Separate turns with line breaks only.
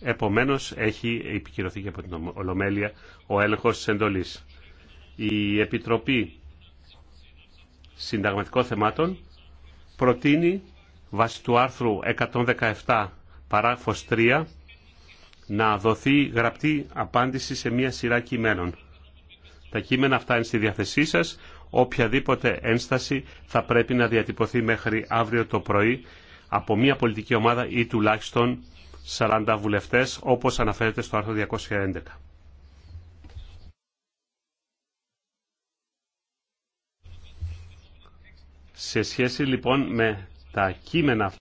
Επομένως, έχει επικυρωθεί και από την Ολομέλεια ο έλεγχος της εντολής. Η Επιτροπή Συνταγματικών Θεμάτων προτείνει βάσει του άρθρου 117 παράγραφος 3 να δοθεί γραπτή απάντηση σε μία σειρά κειμένων. Τα κείμενα αυτά είναι στη διάθεσή σας. Οποιαδήποτε ένσταση θα πρέπει να διατυπωθεί μέχρι αύριο το πρωί από μία πολιτική ομάδα ή τουλάχιστον 40 βουλευτές, όπως αναφέρεται στο άρθρο 211. Σε σχέση
λοιπόν με τα κείμενα